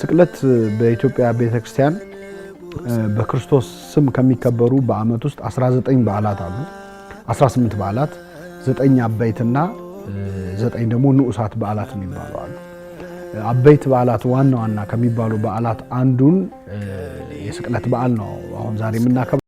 ስቅለት በኢትዮጵያ ቤተክርስቲያን በክርስቶስ ስም ከሚከበሩ በዓመት ውስጥ 19 በዓላት አሉ። 18 በዓላት፣ ዘጠኝ አበይትና ዘጠኝ ደግሞ ንዑሳት በዓላት የሚባሉ አሉ። አበይት በዓላት ዋና ዋና ከሚባሉ በዓላት አንዱን የስቅለት በዓል ነው አሁን ዛሬ የምናከብ